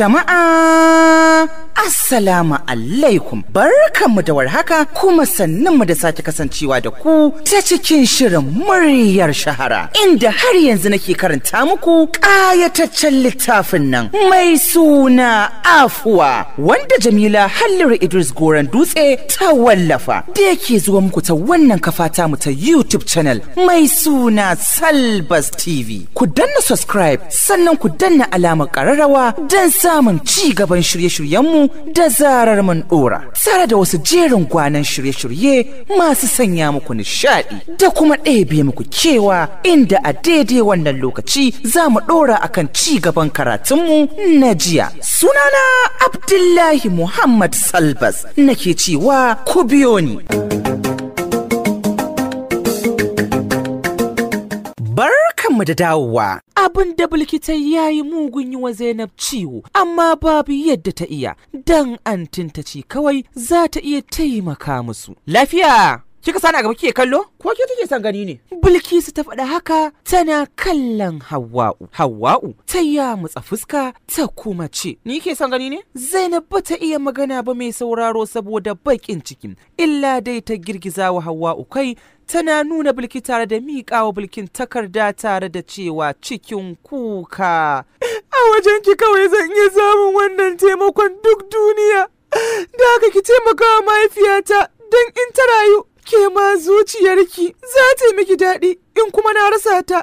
jamaah. Assalamu alaikum barkanmu da warhaka kuma sannanmu da sake kasancewa da ku ta cikin shirin muryar shahara inda har yanzu nake karanta muku ƙayataccen littafin nan mai suna afuwa wanda Jamila Halliru Idris Goran Dutse ta wallafa da yake zuwa muku ta wannan kafata mu ta YouTube channel mai suna Salbas TV. Ku danna subscribe sannan ku danna alamar ƙararrawa don samun ci gaban shirye-shiryenmu da zarar man ɗora tsara da wasu jerin gwanan shirye-shirye masu sanya muku nishaɗi da kuma ɗebe muku cewa inda a daidai wannan lokaci za mu ɗora akan ci gaban karatunmu na jiya sunana abdullahi muhammad salbas nake cewa ku biyo ni. Bar barkanmu da dawowa. Abin da bulkita ya yi mugun yi wa Zainab ciwo, amma babu yadda ta iya, dan antinta ce kawai za ta iya taimaka musu. Lafiya! Kika sani a gaba kike kallo? Ko ke take son gani ne? Bilkisu ta faɗa haka tana kallon Hawwa'u. Hawwa'u ta yamutsa fuska ta kuma ce, "Ni ke son gani ne?" Zainab ba ta iya magana ba mai sauraro saboda baƙin cikin. Illa dai ta girgiza wa Hawwa'u kai tana nuna bilki tare da miƙawa bilkin takarda tare da cewa cikin kuka. A wajen ki kawai zan iya samun wannan taimakon duk duniya. Da haka ki taimaka mahaifiyata don in ta rayu ke ma zuciyarki za ta yi miki daɗi in kuma na rasa ta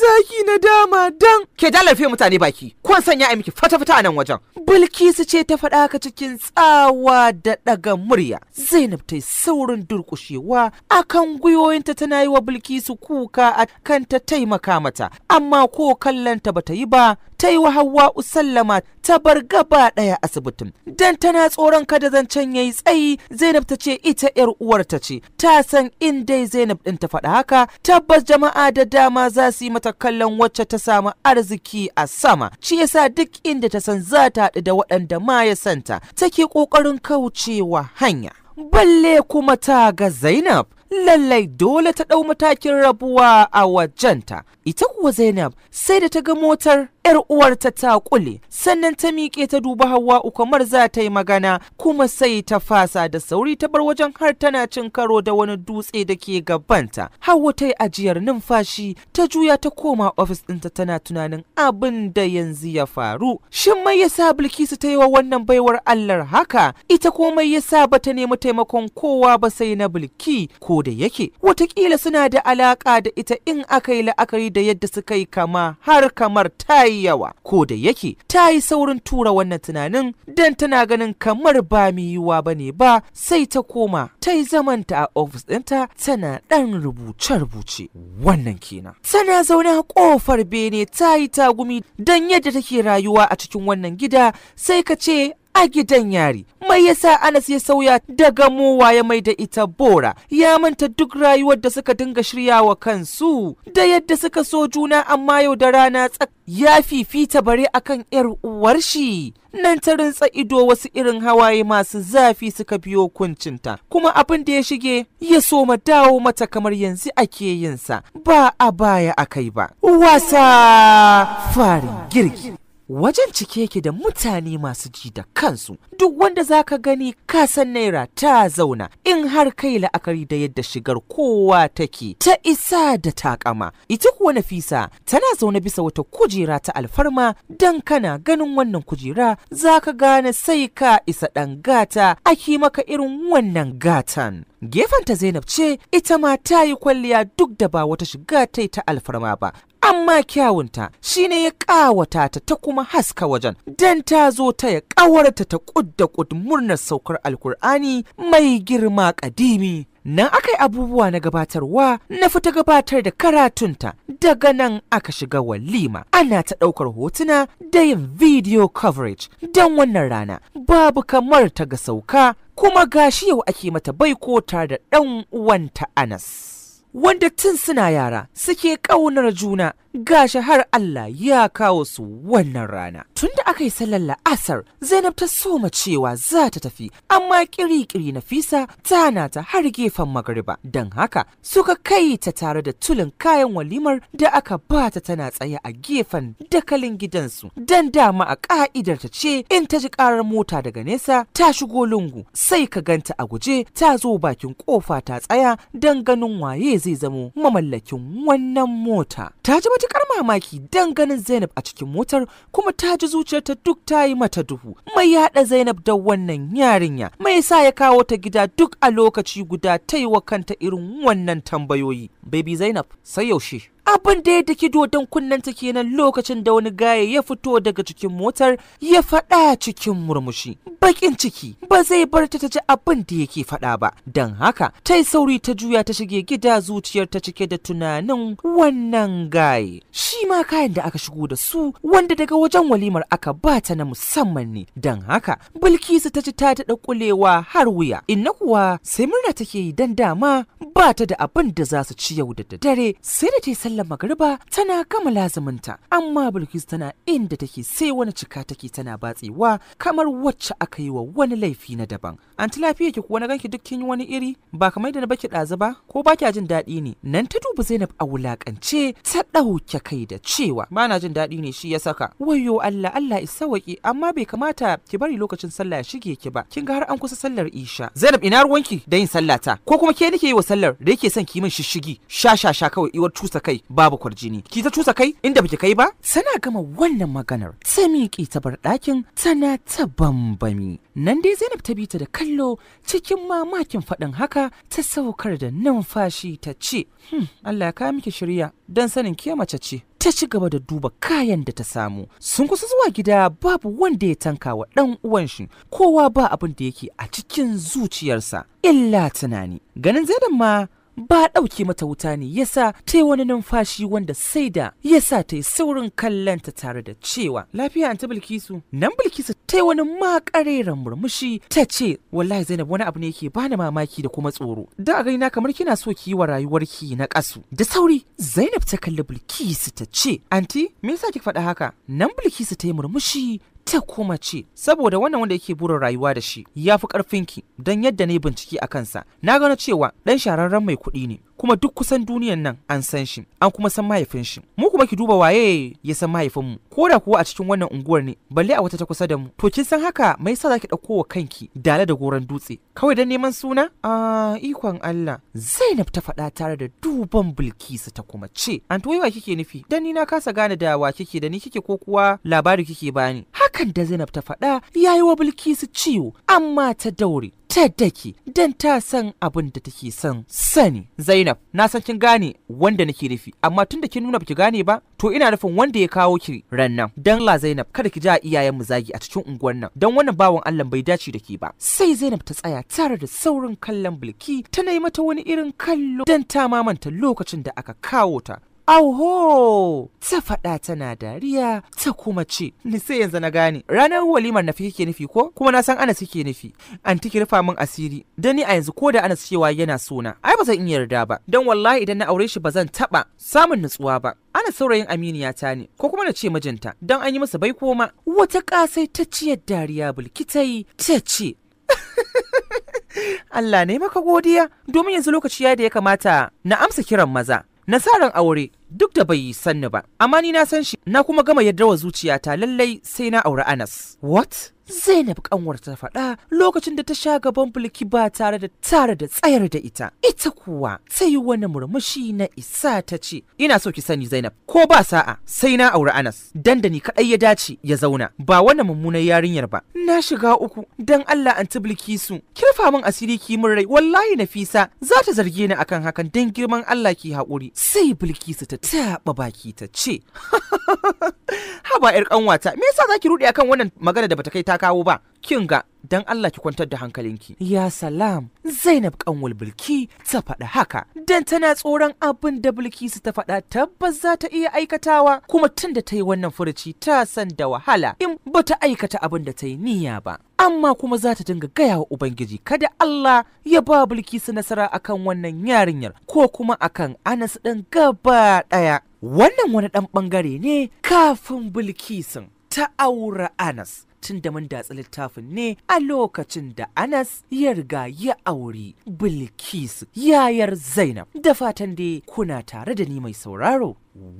Zaki na dama dan. Ke jalafe mutane baki, kun sanya a miki fata-fata a nan wajen. Bilkisu ce ta faɗa ka cikin tsawa da ɗaga murya. Zainab ta yi saurin durƙushewa akan gwiwoyinta tana yi wa Bilkisu kuka a kan taimaka mata, amma ko kallonta bata yi ba, ta yi wa Hawwa Usallama ta bar gaba ɗaya asibitin dan tana tsoron kada zancen yayi tsayi Zainab ta ce ita yar uwarta ce ta san in dai Zainab ɗin ta faɗa haka tabbas jama'a da dama za su yi mata kallon wacce ta samu arziki a sama shi yasa duk inda ta san za ta haɗu da waɗanda ma ya santa take ƙoƙarin kaucewa hanya balle kuma ta ga Zainab lallai dole ta ɗau matakin rabuwa a wajenta. Ita kuwa Zainab sai da ta ga motar ‘yar uwarta ta kule, sannan ta miƙe ta duba hawa kamar za ta yi magana kuma sai ta fasa da sauri ta bar wajen har tana cin karo da wani dutse da ke gabanta. Hawa ta yi ajiyar numfashi ta juya ta koma ofis ɗinta tana tunanin abin da yanzu ya faru. Shin mai yasa Bilkisu ta yi wa wannan baiwar Allah haka? Ita ko komai yasa ba ta nemi taimakon kowa ba sai na Bilki ko da yake watakila suna da alaka da ita in aka yi la'akari da yadda suka yi kama har kamar ta yi yawa ko da yake ta yi saurin tura wannan tunanin don tana ganin kamar ba mai yiwuwa ba ne ba sai ta koma ta yi zamanta a ofis ɗinta tana ɗan rubuce-rubuce wannan kenan tana zaune a ƙofar bene ta yi tagumi don yadda take rayuwa a cikin wannan gida sai ka ce a gidan yari. Mai yasa Anas ya sauya daga muwa ya mai da ita bora, ya manta duk rayuwar da suka dinga shirya wa kansu, da yadda suka so juna amma yau da rana tsak ya fifita bare akan ‘yar uwar shi. Nan ta rintsa ido wasu irin hawaye masu zafi suka biyo kuncinta, kuma abin da ya shige ya so ma dawo mata kamar yanzu ake yinsa ba a baya akai ba. Wasa farin girki. wajen cike yake da mutane masu ji da kansu duk wanda za ka gani kasan naira ta zauna in har kai la'akari da yadda shigar kowa take ta isa da takama ita kuwa nafisa tana zaune bisa wata kujera ta alfarma dan kana ganin wannan kujera za ka gane sai ka isa ɗan gata aki maka irin wannan gatan Gefen ta zainab ce ita ma ta yi kwalliya duk da ba wata shiga ta ta alfarma ba amma kyawunta shine ya ƙawata ta ta kuma haska wajen Don ta zo ta ya ƙawarta ta ƙudda ƙud murnar saukar alkur'ani mai girma ƙadimi nan aka yi abubuwa na gabatarwa na fita gabatar da karatunta daga nan aka shiga walima ana ta ɗaukar hotuna da yin video coverage don wannan rana babu kamar ta ga sauka kuma gashi yau ake mata baiko tare da ɗan uwanta anas wanda tun suna yara suke ƙaunar juna gashi har Allah ya kawo su wannan rana. Tunda da aka yi sallar la'asar Zainab ta soma cewa za ta tafi amma ƙiri na Nafisa ta ta har gefen magariba don haka suka kai ta tare da tulin kayan walimar da aka ba ta tana tsaye a gefen dakalin gidansu don dama a ka'idar ta ce in ta ji karar mota daga nesa ta shigo lungu sai ka ganta a guje ta zo bakin kofa ta tsaya don ganin waye zai zamo mamallakin wannan mota ta ji matukar mamaki dan ganin zainab a cikin motar kuma ta ji zuciyarta duk ta yi mata duhu mai yaɗa zainab da wannan yarinya mai sa ya kawo ta gida duk a lokaci guda ta yi wa kanta irin wannan tambayoyi baby zainab sai yaushe abin da ya daki dodon kunnenta kenan lokacin da wani gaye ya fito daga cikin motar ya faɗa cikin murmushi bakin ciki ba zai bar ta ji abin da yake faɗa ba don haka ta yi sauri ta juya ta shige gida zuciyar ta cike da tunanin wannan gaye shi ma kayan da aka shigo da su wanda daga wajen walimar aka ba ta na musamman ne don haka bilkisu ta ci ta taɗa kulewa har wuya inna kuwa sai murna take yi don dama ba ta da abin da za su ci yau da dare sai da ta yi sallar magariba tana gama lazuminta amma Bilkisu tana inda take sai wani cika take tana batsewa kamar wacce aka yi wa wani laifi na daban. Anti lafiya ki kuwa na ganki duk kin yi wani iri ba kamar da na baki ɗazu ba ko ba kya jin daɗi ne. Nan ta duba Zainab a wulakance ta ɗauke kai da cewa ba na jin daɗi ne shi ya saka. Wayo Allah Allah isawaki amma bai kamata ki bari lokacin sallah ya shige ki ba. Kin ga har an kusa sallar Isha. Zainab ina ruwanki da yin sallata ko kuma ke nake yi wa sallar da yake son ki min shishigi sha sha sha kawai iwar cusa kai babu kwarjini ki ta cusa kai inda baki kai ba sana gama wannan maganar ta miƙe ta bar ɗakin tana ta bambami nan dai Zainab ta bi ta da kallo cikin mamakin faɗin haka ta saukar da numfashi ta ce hmm, Allah ya kawo miki shirya don sanin ke mace ce ta ci gaba da duba kayan da ta samu sun kusa zuwa gida babu wanda ya tanka wa ɗan uwan shi kowa ba abin da yake a cikin zuciyarsa illa tunani ganin zainab ma ba ɗauke mata wuta ne ya sa ta yi wani numfashi wanda sai da ya sa ta yi saurin kallonta tare da cewa lafiya an ta bilkisu nan bilkisu ta yi wani makareren murmushi ta ce wallahi zainab wani abu ne yake bani mamaki da kuma tsoro da a na kamar kina so ki yi wa rayuwarki na kasu. da sauri zainab ta kalli bilkisu ta ce anti me yasa ki faɗa haka nan bilkisu ta yi murmushi ta kuma ce saboda wannan wanda yake burin rayuwa da shi ya fi ƙarfinki don yadda ne bincike a kansa na gano cewa ɗan shahararren mai kuɗi ne kuma duk kusan duniyan nan an san shi an kuma san mahaifin shi mu kuma ki duba waye ya san mahaifinmu ko da kuwa a cikin wannan unguwar ne balle a wata ta kusa da mu to kin san haka mai sa zaki ɗauko wa kanki dale da goran dutse kawai don neman suna? A ikon Allah. Zainab ta faɗa tare da duban Bilkisu ta kuma ce, "An to wa kike nufi? Dan ni na kasa gane da wa kike da ni kike ko kuwa labari kike bani." Hakan da Zainab ta faɗa yayi wa Bilkisu ciwo, amma ta daure. ta dake don ta san abin da take son sani zainab na san kin gane wanda nake nufi amma tun da kin nuna baki gane ba to ina nufin wanda ya kawo ki ran nan dan la zainab kada ki ja iyayen mu zagi a cikin unguwar nan dan wannan bawan Allah bai dace da ke ba sai zainab ta tsaya tare da saurin kallon bilki ta nayi mata wani irin kallo dan ta mamanta lokacin da aka kawo ta Auho! Ta faɗa tana dariya ta kuma ce, Ni sai yanzu na gane, ranar walimar nafi kike nufi ko? Kuma na san Anas kike nufi. An tiki rufa min asiri, dan ni a yanzu ko da Anas cewa yana sona, ai ba zan iya yarda ba, Don wallahi idan na aure shi ba zan taɓa samun nutsuwa ba. Ana saurayin aminiya ta ne, ko kuma na ce mijinta, Don an yi masa bai koma. Wata ƙasai ta ciyar dariya bulkitai ta ce, Allah ne maka godiya, domin yanzu lokaci ya da ya kamata na amsa kiran maza. nasaran aure duk da bai yi sanni ba amma ni na san shi na kuma gama yadda wa zuciyata lallai sai na aure anas what Zainab kanwar ta faɗa lokacin da ta sha gaban bulki ba tare da tare da tsayar da ita. Ita kuwa ta yi wani murmushi na isa ta ce, Ina so ki sani Zainab, ko ba sa'a sai na auri Anas, dan da ni kaɗai ya dace ya zauna, ba wannan mummunan yarinyar ba. Na shiga uku, dan Allah an tubulki su, kirfa min asiri ki min rai, wallahi Nafisa za ta zarge ni akan hakan dan girman Allah ki haƙuri. Sai Bilkisu ta taɓa baki ta ce, Haba 'yar ƙanwata, me yasa za ki ruɗe akan wannan magana da bata kai ta ta kawo ba kin ga dan Allah ki kwantar da hankalinki. Ya salam, Zainab kanwal Bilki ta faɗa haka, dan tana tsoron abin da Bilkisu ta faɗa tabbas za ta iya aikatawa, kuma tun da ta yi wannan furuci ta san da wahala in ba ta aikata abin da ta yi niyya ba. Amma kuma za ta dinga gaya wa Ubangiji kada Allah ya ba Bilkisu nasara akan wannan yarinyar ko kuma akan Anas ɗin gaba ɗaya. Wannan wani ɗan ɓangare ne kafin Bilkisun ta aura Anas. tun da mun datsi littafin ne a lokacin da Anas ya riga ya auri Bilkisu yayar Zainab da fatan dai kuna tare da ni mai sauraro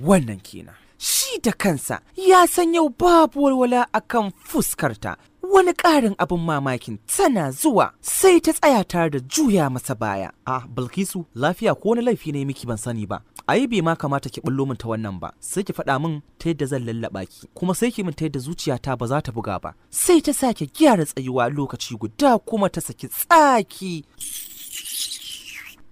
wannan kenan. Shi da kansa ya san yau babu walwala akan fuskarta wani ƙarin abin mamakin tana zuwa sai ta tsaya tare da juya masa baya. A ah, Bilkisu lafiya ko wani laifi ne miki ban sani ba, ai bai ma kamata ki bullo min ta wannan ba sai ki faɗa min ta yadda zan lallaɓa ki kuma sai ki min ta yadda zuciyata ba za ta buga ba sai ta sake gyara tsayuwa lokaci guda kuma ta saki tsaki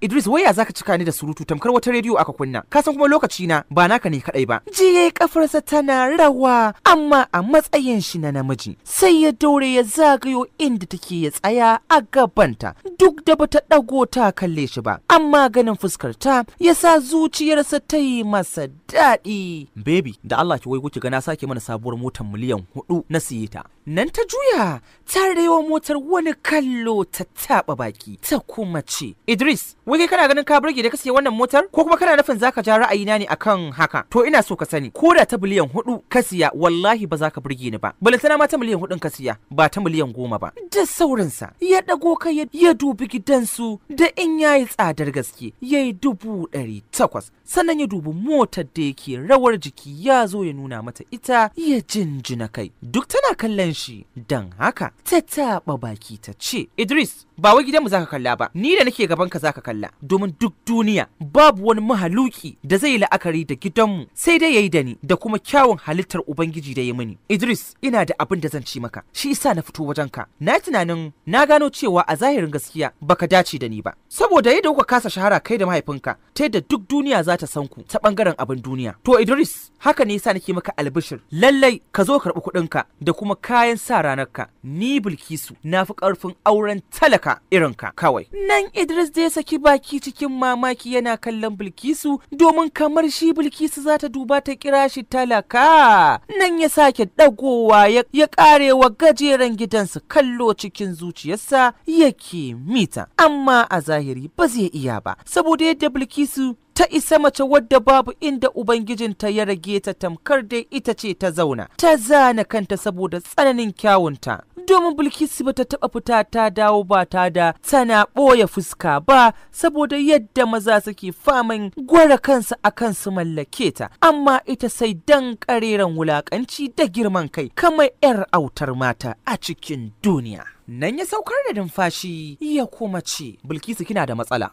Idris waya zaka cika ni da surutu tamkar wata rediyo aka kunna. Ka san kuma lokaci na ba naka ne kadai ba. Jiye kafarsa tana rawa amma a matsayin shi na namiji sai ya daure ya zagayo inda take ya tsaya a gabanta duk da bata dago ta kalle shi ba amma ganin fuskar ta ya sa zuciyarsa ta yi masa daɗi. Baby da Allah ki wai kuki ga na sake mana sabuwar motar miliyan hudu na siye ta. Nan ta juya ta rewa motar wani kallo ta taɓa baki ta kuma ce Idris wai kai kana ganin ka burge da ka siya wannan motar ko kuma kana nufin zaka ja ra'ayina ne akan haka to ina so ka sani ko da ta biliyan hudu ka siya wallahi ba za ka burge ni ba balantana ma ta miliyan hudun ka ba ta miliyan goma ba da saurinsa ya dago kai ya dubi gidansu da in yayi tsadar gaske yayi dubu ɗari takwas sannan ya dubi motar da yake rawar jiki ya zo ya nuna mata ita ya jinjina kai duk tana kallon shi don haka ta taɓa baki ta ce idris ba wai gidanmu zaka kalla ba ni da nake gaban ka zaka kalla domin duk duniya babu wani mahaluki da zai la'akari da gidanmu sai dai yayi da ni da kuma kyawun halittar ubangiji da ya mini idris ina da abin da zan ci maka shi isa na fito wajen ka na tunanin na gano cewa a zahirin gaskiya baka dace da ni ba saboda yadda kuka kasa shahara kai da mahaifinka ta yadda duk duniya za ta san ku ta bangaren abin duniya to Idris haka ne yasa nake maka albishir lallai ka zo karɓi kuɗinka da kuma kayan sa ranarka ni Bilkisu na fi ƙarfin auren talaka irinka kawai nan Idris da ya saki baki cikin mamaki yana kallon Bilkisu domin kamar shi Bilkisu za ta duba ta kira shi talaka nan ya sake dagowa ya karewa gajeren gidansa kallo cikin zuciyarsa yake mita amma a zahiri ba zai iya ba saboda yadda Bilkisu ta isa mace wadda babu inda ubangijinta ya rage ta tamkar dai ita ce ta zauna ta zana kanta saboda tsananin kyawunta domin bilkisu ba ta taɓa fita ta dawo ba ta da tana ɓoye fuska ba saboda yadda maza suke faman gwara kansu a kansu mallake ta amma ita sai dan ƙareren wulaƙanci da girman kai kamar 'yar autar mata a cikin duniya nan ya saukar da numfashi ya kuma ce bilkisu kina da matsala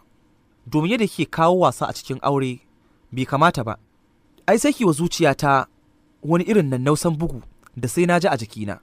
domin yadda ke kawo wasa a cikin aure bai kamata ba ai sai wa zuciyata wani irin nan nausan bugu da sai na ji a jikina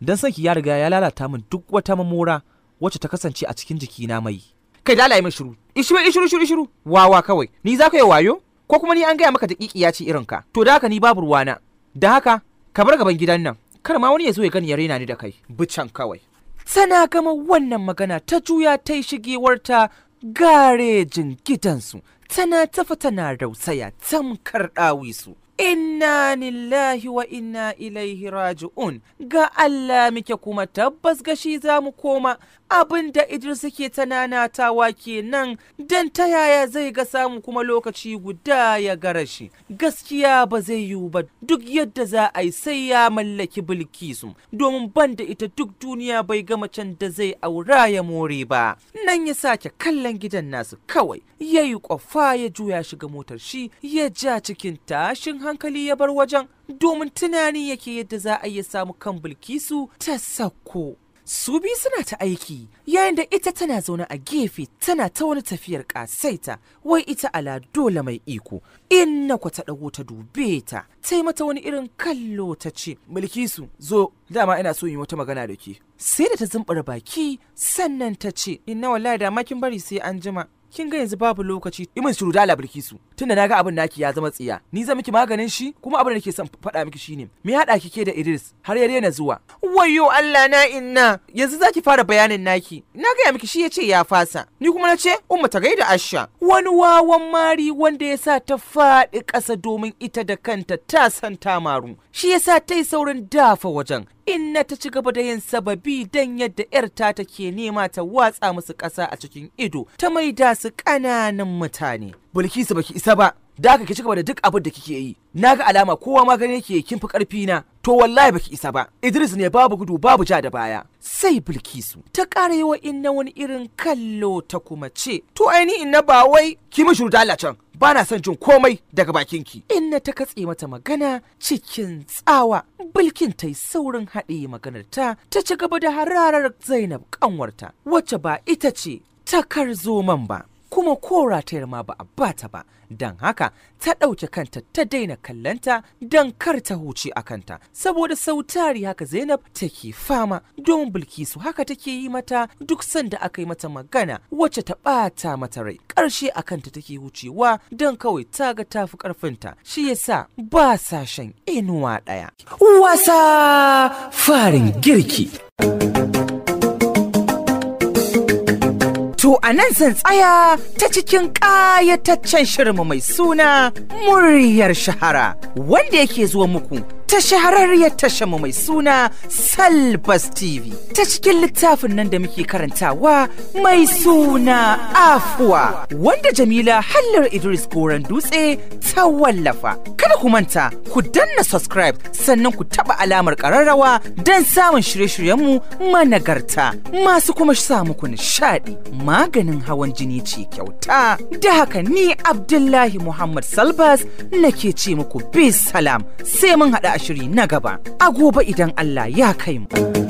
don sanki ya riga ya lalata min duk wata mamora wacce ta kasance a cikin jikina mai kai da mai shiru ishiru ishiru shiru shiru wawa kawai ni za ka yi wayo ko kuma ni an gaya maka daƙiƙi ya ce irin ka to da haka ni babu ruwana da haka ka bar gaban gidan nan kar ma wani ya zo ya gani ya rena ni da kai bican kawai Sana gama wannan magana ta juya ta yi shigewarta garejin gidansu tana tafa tana rausaya tamkar ɗawisu inna lillahi wa inna ilaihi raji'un ga Allah muke kuma tabbas gashi za mu koma abin da Idris suke ta nanatawa kenan don ta yaya zai ga samu kuma lokaci guda ya gara shi gaskiya ba zai yiwu ba duk yadda za a yi sai ya mallaki Bilkisu domin ban da ita duk duniya bai gama can da zai aura ya more ba nan ya sake kallon gidan nasu kawai ya yi kwafa ya juya shiga motar shi ya ja cikin tashin hankali hankali ya bar wajen domin tunani yake yadda za a iya samu kan bilkisu ta sakko su biyu suna ta aiki yayin da ita tana zaune a gefe tana ta wani tafiyar ƙasaita wai ita ala dole mai iko inna ku ta ɗago ta dube ta ta yi mata wani irin kallo ta ce mulkisu zo dama ina so yi wata magana da ke sai da ta zumbura baki sannan ta ce inna wallahi da makin bari sai an jima kin ga yanzu babu lokaci imin shiru da labarki su tunda ga abin naki ya zama tsiya ni zan miki maganin shi kuma abin da nake son faɗa miki shine me haɗa ke da Idris har ya daina zuwa wayo Allah na inna yanzu zaki fara bayanin naki na gaya miki shi yace ya fasa ni kuma na ce umma ta gaida Asha wani wawan mari wanda ya sa ta faɗi ƙasa domin ita da kanta ta san ta maru shi sa ta yi saurin dafa wajen inna ta ci gaba da yin sababi dan yadda 'yarta take nema ta watsa musu ƙasa a cikin ido ta mai maida wasu ƙananan mutane bulkisu baki isa ba da aka ki cigaba da duk abin da kike yi na ga alama kowa ma gani yake kin fi ƙarfi na to wallahi baki isa ba idris ne babu gudu babu ja da baya sai bilkisu ta ƙara yi wa inna wani irin kallo ta kuma ce to ainihin inna ba wai ki mishi rudala can ba na son jin komai daga bakin ki. inna ta katse mata magana cikin tsawa bilkin ta yi saurin haɗe maganar ta ta ci gaba da hararar zainab kanwarta wacce ba ita ce takar man ba kuma ko ratayar ma ba a bata ba don haka ta ɗauke kanta ta daina kallanta don kar ta huce a kanta saboda sautari haka zainab take fama don bilkisu haka take yi mata duk sanda aka yi mata magana wacce ta ɓata mata rai ƙarshe a kanta take hucewa don kawai ta ga tafi ƙarfinta shi yasa ba sa shan inuwa ɗaya wasa farin girki To a nan zan tsaya ta cikin ƙayataccen shirinmu mai suna muryar shahara wanda yake zuwa muku ta shahararriyar mu mai suna Salbas TV ta cikin littafin nan da muke karantawa mai suna Afuwa wanda Jamila Hallar Idris Goran Dutse ta wallafa. Kada ku manta ku danna subscribe sannan ku taba alamar kararrawa don samun shirye-shiryenmu shiryen managarta masu kuma sa muku nishadi maganin hawan jini ce kyauta. Da haka ni Abdullahi Muhammad Salbas nake ce muku bis salam sai mun haɗa shiri na gaba, a gobe idan Allah ya kai mu.